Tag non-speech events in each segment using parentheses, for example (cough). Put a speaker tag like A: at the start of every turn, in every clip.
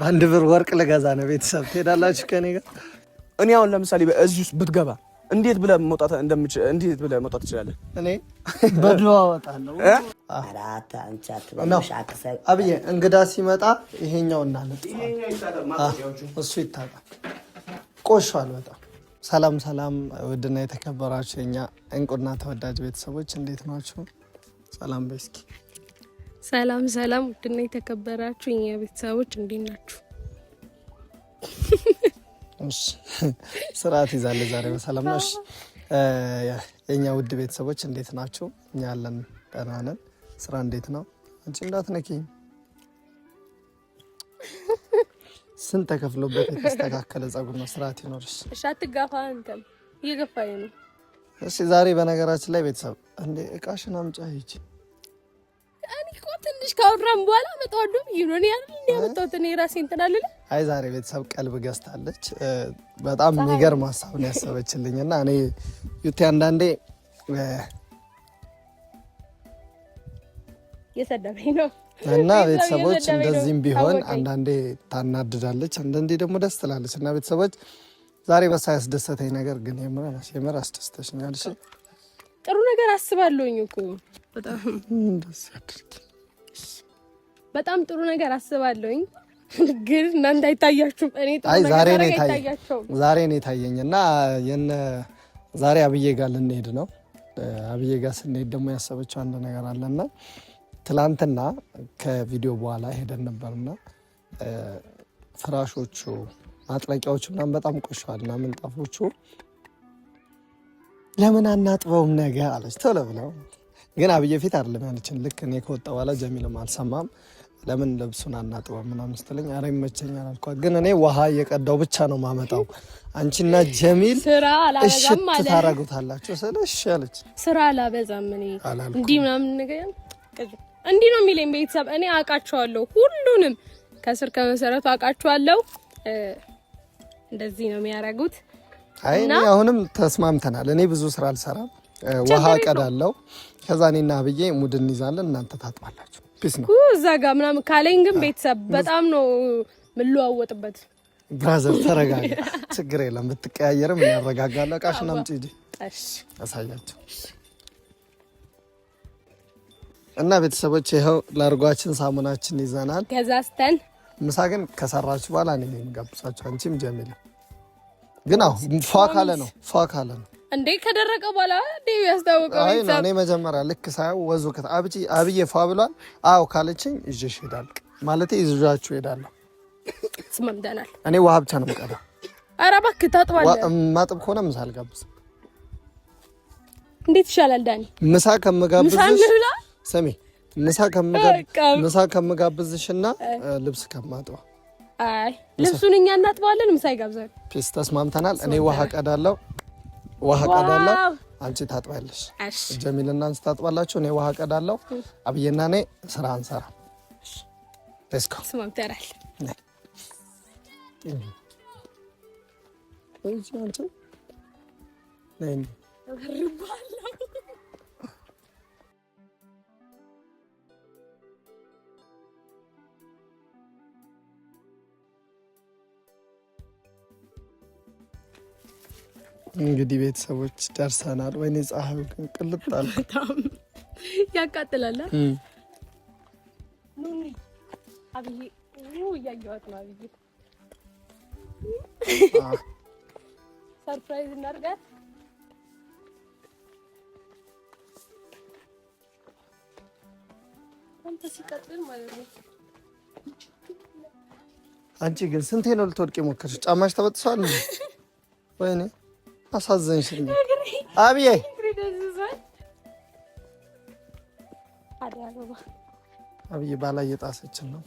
A: በአንድ ብር ወርቅ ልገዛ ነው። ቤተሰብ ትሄዳላችሁ ከኔ ጋር። እኔ አሁን ለምሳሌ እዚህ ውስጥ ብትገባ እንዴት ብለህ መውጣት እንደምችል እንዴት ብለህ መውጣት ትችላለህ?
B: እኔ በድሮ
A: አብዬ እንግዳ ሲመጣ ይሄኛው እሱ ይታጣል። ቆሻል በጣም ሰላም ሰላም፣ ውድና የተከበራችሁ የኛ እንቁና ተወዳጅ ቤተሰቦች እንዴት ናችሁ? ሰላም በስኪ።
C: ሰላም ሰላም፣ ውድና የተከበራችሁ የኛ ቤተሰቦች እንዴት ናችሁ?
A: ስርዓት ይዛለ ዛሬ በሰላም ነው። የእኛ ውድ ቤተሰቦች እንዴት ናችሁ? እኛ ያለን ደህና ነን። ስራ እንዴት ነው? አንቺ እንዳትነኪኝ ስንት ተከፍሎበት የተስተካከለ ጸጉር ነው። ስርዓት ይኖርሽ
C: እሺ። አትጋፋ አንተም እየገፋኝ ነው።
A: እሺ ዛሬ በነገራችን ላይ ቤተሰብ እንዴ፣ እቃሽን አምጫ ሂጂ።
C: እኔ እኮ ትንሽ ካወራን በኋላ መጣወዱ ይኖን ያል እንዲያመጣሁት እኔ ራሴ እንትን
A: አይ ዛሬ ቤተሰብ ቀልብ ገዝታለች። በጣም የሚገርም ሀሳብ ያሰበችልኝ እና እኔ ዩቲ አንዳንዴ
C: የሰደበኝ ነው
A: እና ቤተሰቦች እንደዚህም ቢሆን አንዳንዴ ታናድዳለች፣ አንዳንዴ ደግሞ ደስ ትላለች። እና ቤተሰቦች ዛሬ በሳ ያስደሰተኝ ነገር ግን የምር አስደስተሽኛል።
C: ጥሩ ነገር አስባለሁኝ እኮ በጣም ጥሩ ነገር አስባለሁኝ፣ ግን እናንተ አይታያችሁም። እኔ
A: ዛሬ ነው የታየኝ። እና ዛሬ አብዬ ጋር ልንሄድ ነው። አብዬ ጋር ስንሄድ ደግሞ ያሰበችው አንድ ነገር አለና ትላንትና ከቪዲዮ በኋላ ሄደን ነበርና ፍራሾቹ፣ ማጥለቂያዎቹ ምናምን በጣም ቆሸዋል እና ምንጣፎቹ ለምን አናጥበውም ነገ አለች። ቶሎ ብለው ግን አብዬ ፊት አይደለም ያለችን። ልክ እኔ ከወጣ በኋላ ጀሚልም አልሰማም። ለምን ልብሱን አናጥበው ምናምን ስትለኝ አረ ይመቸኛል አልኳት። ግን እኔ ውሃ እየቀዳው ብቻ ነው ማመጣው አንቺና ጀሚል እሽት ታረጉታላችሁ ስለ እሺ አለች።
C: ስራ አላበዛም እኔ እንዲህ ምናምን ነገር እንዲህ ነው የሚለኝ ቤተሰብ። እኔ አውቃቸዋለሁ፣ ሁሉንም ከስር ከመሰረቱ አውቃቸዋለሁ። እንደዚህ ነው የሚያደርጉት።
A: አይ እኔ አሁንም ተስማምተናል። እኔ ብዙ ስራ አልሰራም፣ ውሃ ቀዳለው። ከዛ እኔና አብዬ ሙድ እንይዛለን፣ እናንተ ታጥባላችሁ። ፒስ ነው
C: እዛ ጋር ምናምን ካለኝ ግን ቤተሰብ በጣም ነው የምለዋወጥበት።
A: ብራዘር ተረጋጋ፣ ችግር የለም ብትቀያየርም እናረጋጋለን። እቃሽን አምጪ ሂጂ፣ አሳያቸው እና ቤተሰቦች ይኸው ለእርጓችን ሳሙናችን ይዘናል።
C: ገዛስተን
A: ምሳ ግን ከሰራችሁ በኋላ እኔ የምጋብዛችሁ አንቺም ጀሚል ግን አሁ ፏ ካለ ነው ፏ ካለ ነው
C: እንዴ ከደረቀ በኋላ ዴቪ ያስታወቀው
A: እኔ መጀመሪያ ልክ ሳየው ወዙ አብዬ ፏ ብሏል። አዎ ካለችኝ ይዤሽ እሄዳለሁ ማለቴ ይዤሻችሁ እሄዳለሁ። ስማምደናል እኔ ውሃ ብቻ ነው የምቀዳው።
C: ኧረ እባክህ ታጥባለህ።
A: ማጥብ ከሆነ ምሳ አልጋብዝም።
C: እንዴት ይሻላል ዳኒ
A: ምሳ ከምጋብዝሽ ስሚ ምሳ ከምጋብዝሽና ልብስ ከማጥባ
C: ልብሱን እኛ እናጥበዋለን። ምሳ ይጋብዛል።
A: ፒስ ተስማምተናል። እኔ ውሃ ቀዳለው፣ ውሃ ቀዳለው፣ አንቺ ታጥባለሽ። ጀሚልና አንቺ ታጥባላችሁ። እኔ ውሃ ቀዳለው። አብዬና እኔ ስራ አንሰራ።
C: ተስማምተናል።
A: አንቺ እንግዲህ ቤተሰቦች ደርሰናል። ወይኔ ፀሐዩ ግን ቅልጥ አለ፣
C: በጣም ያቃጥላል። እያየኋት ነው። አብዬ ሰርፕራይዝ እናድርጋት።
A: አንቺ ግን ስንቴ ነው ልትወድቅ የሞከርሽ? ጫማሽ ተበጥሷል። ወይኔ አሳዘንሽ አብዬ። አብዬ ባላ እየጣሰችን ነው።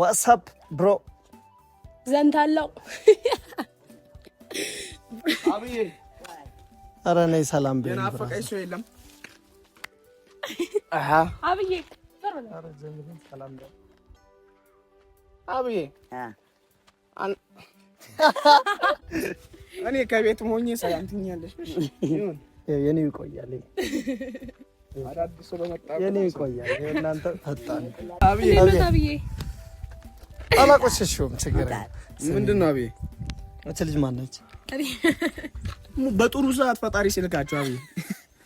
A: ዋትሳፕ ብሮ ዘንት ኧረ ነይ ሰላም በይኝ። አብዬ
B: እኔ ከቤት ሞኝ ሰላም ትኛለሽ። እሺ
A: የኔ ይቆያል
B: አዳዲሱ በመጣ
A: የኔ ይቆያል። እናንተ ፈጣን
C: አብዬ
A: አላቆሸሽውም ችግር ምንድን ነው? አብዬ እች ልጅ ማነች?
B: በጥሩ ሰዓት ፈጣሪ ሲልካቸው አብዬ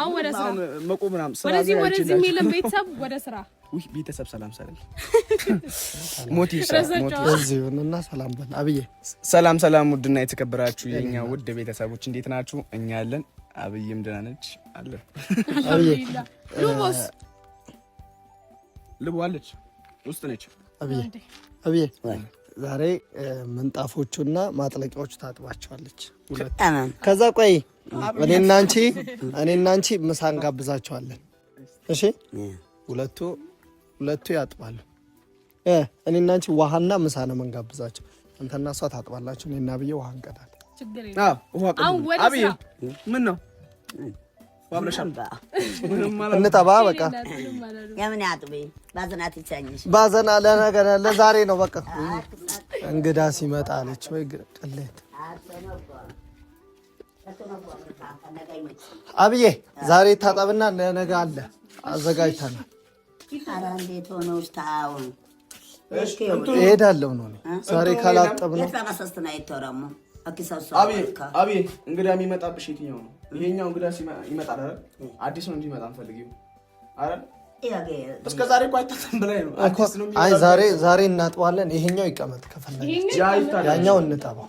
C: አሁን ወደ ስራ መቆም ምናምን ስራ ወደዚህ ወደዚህ የሚልም (laughs) ቤተሰብ ወደ ስራ
A: ውይ ቤተሰብ ሰላም ሰላም (laughs) ሞቲ እና ሰላም በል አብዬ። ሰላም ሰላም፣ ውድና የተከበራችሁ የኛ ውድ ቤተሰቦች እንዴት ናችሁ? እኛ ያለን አብዬም ደህና ነች አብዬ ልቦ አለች ውስጥ ነች። አብዬ አብዬ ዛሬ ምንጣፎቹና ማጥለቂያዎቹ ታጥባቸዋለች። ከዛ ቆይ እኔና አንቺ እኔና አንቺ ምሳ እንጋብዛቸዋለን። እሺ ሁለቱ ሁለቱ ያጥባሉ። እኔና አንቺ ውሃና ምሳ ነው የምንጋብዛቸው። አንተና እሷ ታጥባላችሁ፣ እኔና ብዬ ውሃ እንቀዳለን። ምን ነው እንጠባ በቃ ባዘና ለዛሬ ነው በቃ እንግዳ ሲመጣ አለች ወይ ቅሌት አብዬ ዛሬ ታጠብና ለነገ አለ አዘጋጅተናል። እሄዳለሁ ነው ዛሬ ካላጠብ ነው። አብዬ እንግዳ የሚመጣብሽ የትኛው ነው? ይሄኛው እንግዳ ይመጣል አይደል? አዲስ ነው እንዲመጣ ይመጣ ንፈልግ አይደል? እስከ ዛሬ እኮ ነው። ዛሬ እናጥባለን። ይሄኛው ይቀመጥ ከፈለገ ያኛው እንጠባው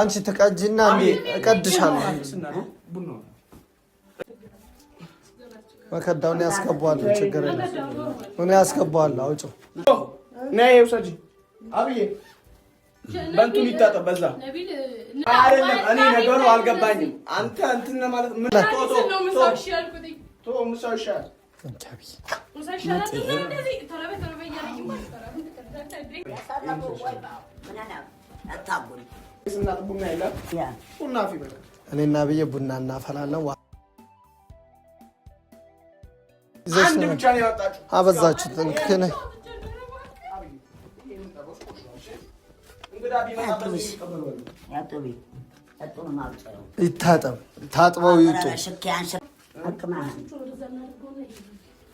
A: አንቺ ተቃጅና እቀድሻለሁ። መከዳውን ያስገባዋለሁ። ችግር የለም ያስገባዋለሁ። አውጭ ነይ ውሰጂ። አብዬ በእንቱን ይታጠብ። በዛ አይደለም እኔ ነገሩ አልገባኝም። አንተ እንትን ለማለት ምን እኔና ብዬ ቡና እናፈላለን። አበዛችሁት። ይታጠብ፣ ታጥበው ይውጡ።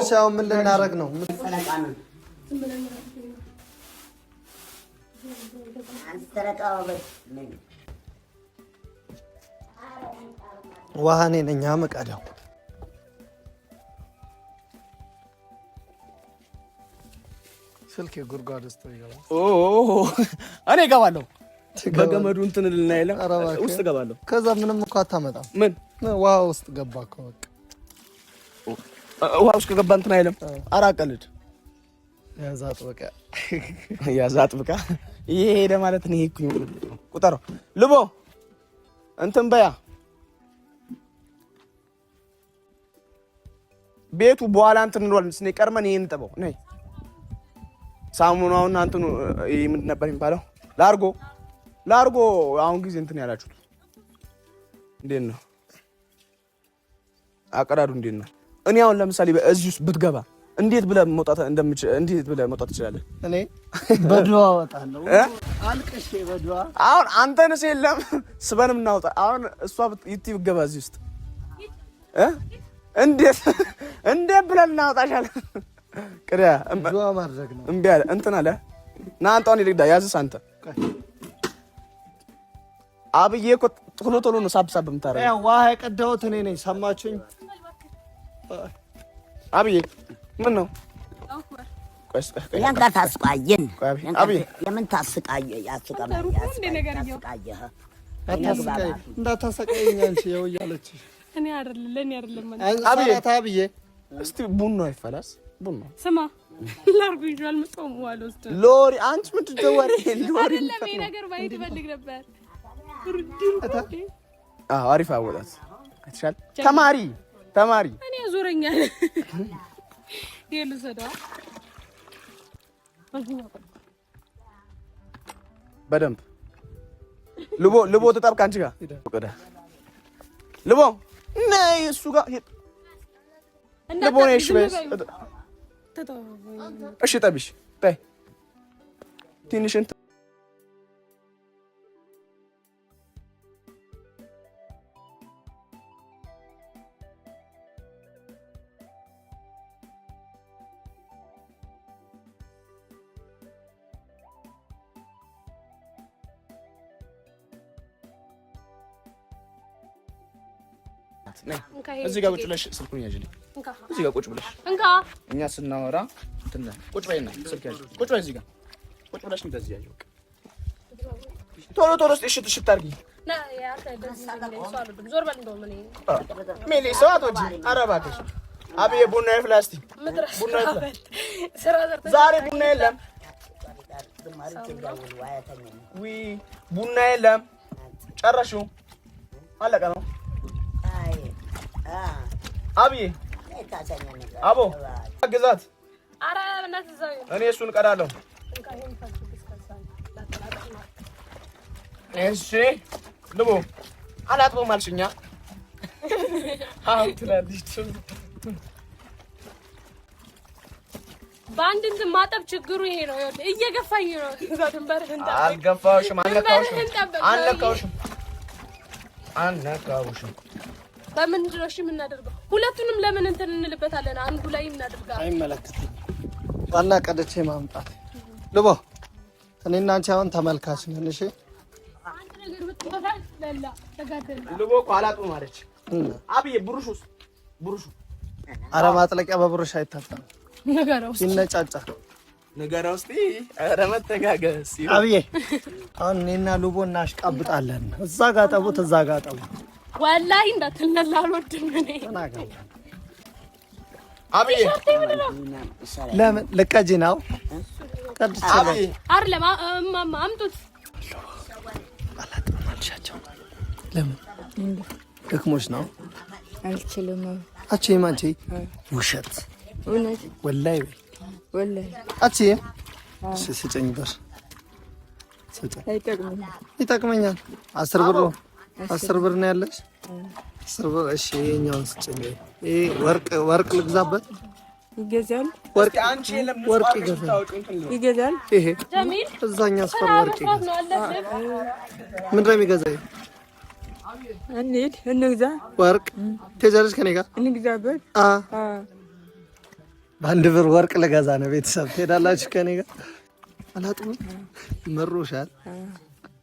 A: እሺ ምን ልናደርግ ነው? ውሃ እኔ ነኝ የምቀዳው።
B: ስልክ የጉድጓድ ውስጥ እኔ
A: እገባለሁ። በገመዱ እንትን ልና ውስጥ እገባለሁ።
B: ከዛ ምንም እኮ አታመጣም። ምን ውሃ ውስጥ ገባ እኮ በቃ
A: ውሃ ውስጥ ከገባ እንትን አይልም። ኧረ አቀልድ ያዛ አጥብቃ ያዛ ይሄ ሄደ ማለት ነው። ይሄ እኮ ቁጠረው። ልቦ እንትን በያ ቤቱ በኋላ እንትን እንሏል። ስኔ ቀርመን ይሄን እንጥበው ነይ ሳሙናውን እንትኑ ምንድን ነበር የሚባለው? ላርጎ ላርጎ። አሁን ጊዜ እንትን ያላችሁት እንዴት ነው? አቀዳዱ እንዴት ነው? እኔ አሁን ለምሳሌ እዚህ ውስጥ ብትገባ እንዴት ብለ መውጣት እንደምች እንዴት ብለ መውጣት ትችላለህ?
B: እኔ በድዋ እወጣለሁ አልቅሼ በድዋ።
A: አሁን አንተንስ የለም ስበንም እናውጣ። አሁን እሷ ይቲ ብትገባ እዚህ ውስጥ እንዴት እንዴት ብለን እናወጣሻለን? ቅሪያ
B: ድዋ ማድረግ ነው።
A: እምቢ አለ እንትን አለ ና አንጣውን ይልግዳ ያዝስ አንተ አብዬ እኮ ቶሎ ቶሎ ነው ሳብሳብ የምታረገው።
B: ዋህ የቀዳሁት እኔ ነኝ። ሰማችሁኝ
A: አብዬ ምን ነው?
D: ነገር ታስቃየን። የምን ታስቃየ? ያስቃየህ
A: እንዳታሰቃየኝ እያለች
C: እኔ አይደለም
A: አብዬ፣ እስቲ ቡና ይፈላስ። ቡና
C: ስማ ላርጉ መጾም ውስጥ
A: ሎሪ አንቺ ምንድን ነው ወሬ
C: ሎሪ ነገር ባይድ ፈልግ ነበር።
A: አዎ አሪፍ አወጣት ተማሪ ተማሪ
C: እኔ ዙረኛል
A: በደንብ ልቦ ልቦ ተጣብቅ። አንቺ ጋር ልቦ ነይ፣ እሱ ጋር ልቦ ነይ። እሺ እሺ ጠብሽ ትንሽ እንትን እዚህ ጋር ቁጭ ብለሽ ስልኩን ያዥልኝ። እዚህ ጋር ቁጭ ብለሽ እኛ ስናወራ ቁጭ በይና ስልክ ያዥ። ቁጭ በይ እዚህ ጋር ቁጭ ብለሽ እንደዚህ ያዥ። ቶሎ ቶሎ እሽት እሽት አድርጊ። ሜሊ ሰው አትወጂም። ኧረ እባክሽ አብዬ ቡና ፍላስቲ ዛሬ ቡና የለም፣ ቡና የለም። ጨረሽው አለቀ ነው አብዬ አቦ ግዛት እኔ እሱን ቀዳለሁ። እሺ ልቦ አላጥበም አልሽኛ።
C: በአንድ እንትን ማጠብ ችግሩ ይሄ ነው። እየገፋኝ ነው።
A: አልገፋሁሽም፣ አልነካሁሽም፣ አልነካሁሽም፣ አልነካሁሽም
C: በምንድን ነው እሺ የምናደርገው? ሁለቱንም ለምን እንትን እንልበታለን? አንዱ ላይ እናድርጋ።
B: አይመለከትም።
A: ዋና ቀድቼ ማምጣት ልቦ፣ እኔና አንቺ አሁን ተመልካች ነን። እሺ ልቦ ቋላጡ ማለች አብዬ ብሩሽ ውስጥ ብሩሹ አረ ማጥለቂያ በብሩሽ አይታጠብም። ነገራ ውስጥ ይነጫጫ
B: ነገራ ውስጥ አረ መተጋገስ
A: አብዬ፣ አሁን እኔና ልቦ እናሽቃብጣለን። እዛ ጋር ጠቡት፣ እዛ ጋር ጠቡት
C: ወላሂ እንዳትነላ አልወድም።
A: አብዬ ለምን ልቀጂ ነው?
C: አይደለም እማማ
A: ደክሞች ነው? አልችልም። አንቺ ውሸት ወላሂ በይ አችም ስጨኝ ይጠቅመኛል። አስር ብሩ አስር ብር ነው ያለሽ? አስር ብር እሺ። ይሄኛውን ስጭኝ። ይሄ ወርቅ ወርቅ ልግዛበት። ይገዛል። ወርቅ አንቺ ወርቅ ይገዛል። ይሄ እዛኛ አስፈር ወርቅ ይገዛል። ምንድን ነው የሚገዛው?
C: እንሂድ እንግዛ።
A: ወርቅ ትሄጃለሽ ከኔ ጋር እንግዛበት። በአንድ ብር ወርቅ ልገዛ ነው። ቤተሰብ ትሄዳላችሁ ከኔ ጋር። አላጥምም መሮሻል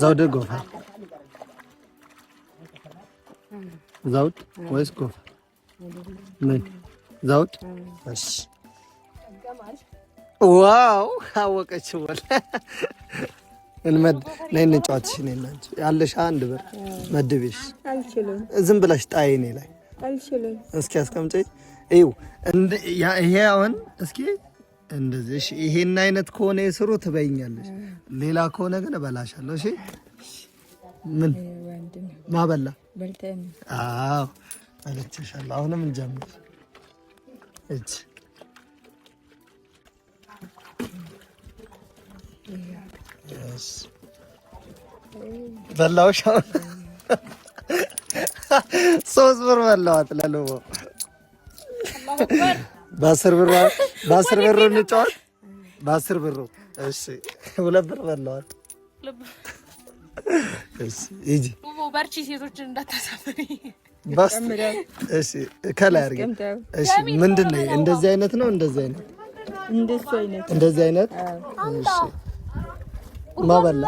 A: ዘውድ ጎፋ ዘውድ ወይስ ጎፋ? ምን ዘውድ? እሺ። ዋው አወቀች። ወል እንመድ ነይ እንጫወት። እሺ ነይ እናንቺ ያለሽ አንድ ብር መድብሽ። አልችልም። ዝም ብላሽ ጣይ እኔ ላይ አልችልም። እስኪ አስቀምጪ። ይኸው ይሄ አሁን እስኪ እንደዚህ እሺ። ይሄን አይነት ከሆነ የስሩ ትበይኛለሽ፣ ሌላ ከሆነ ግን እበላሻለሁ። እሺ። ምን ማበላ በልተን? አዎ በልቼሻለሁ። አሁንም እንጀምር። በላውሽ። ሶስት ብር በላዋት ለልቦ በአስር ብር (laughs) በአስር ብር እንጫወት። በአስር ብር እሺ፣ ሁለት ብር በለዋል። እሺ፣ ሂጂ
C: በርቺ። ሴቶችን እንዳታሳፍሪ።
A: ባስ እሺ፣ ከላይ አድርጊ። እሺ፣ ምንድን ነው እንደዚህ አይነት ነው? እንደዚህ አይነት እንደዚህ አይነት እሺ። ማበላ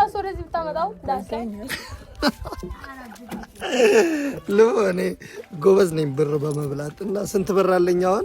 A: ልቦ እኔ ጎበዝ ነኝ ብር በመብላት እና ስንት ብር አለኝ አሁን?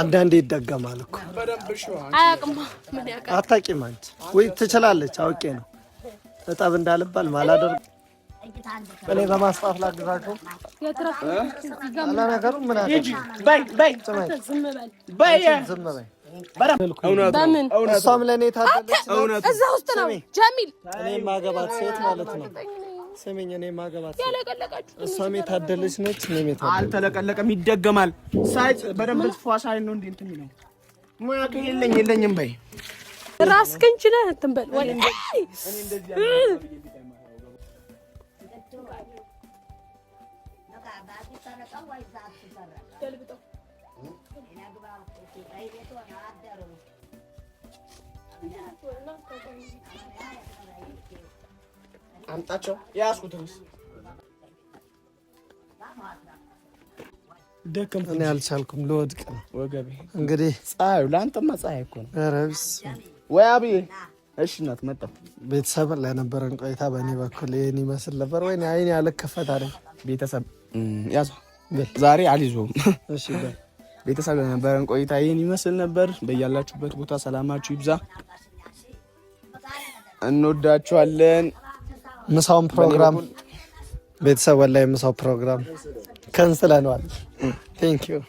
A: አንዳንዴ ይደገማል እኮ አታውቂም አንቺ። ወይ ትችላለች፣ አውቄ ነው እጠብ እንዳልባል ማላደርግ እኔ በማስፋፍ ላግዛቸው። ለነገሩ ምን እሷም ለእኔ ታደለች።
C: እዛ ውስጥ ነው ጀሚል፣
A: እኔ የማገባት ሴት ማለት ነው ስሚኝ፣ እኔ ማገባት እሷም የታደለች ነች። አልተለቀለቀም፣ ይደገማል። ሳይ በደንብ ፏ ሳይ ነው እንዴ እንትን ነው ሙያ የለኝ የለኝም በይ
C: ራስህን ችለህ እንትን በል ወይ እኔ
A: አምጣቸው ያስኩትንስ ደክም እኔ አልቻልኩም፣ ልወድቅ ነው ወገቤ። እንግዲህ ፀሐዩ ለአንተማ ፀሐይ እኮ ነው። ኧረ በስመ አብ ወይ አብዬ። እሺ እናት መጣሁ። ቤተሰብ ለነበረን ቆይታ በእኔ በኩል ይህን ይመስል ነበር። ወይ አይኔ አልከፈት አለ ቤተሰብ ያዙ። ዛሬ አልይዞም። (laughs) እሺ ቤተሰብ ለነበረን ቆይታ ይህን ይመስል ነበር። በያላችሁበት ቦታ ሰላማችሁ ይብዛ። እንወዳችኋለን። ምሳውን ፕሮግራም ቤተሰብ ወላይ ምሳው ፕሮግራም ከንስለነዋል። ቴንክ ዩ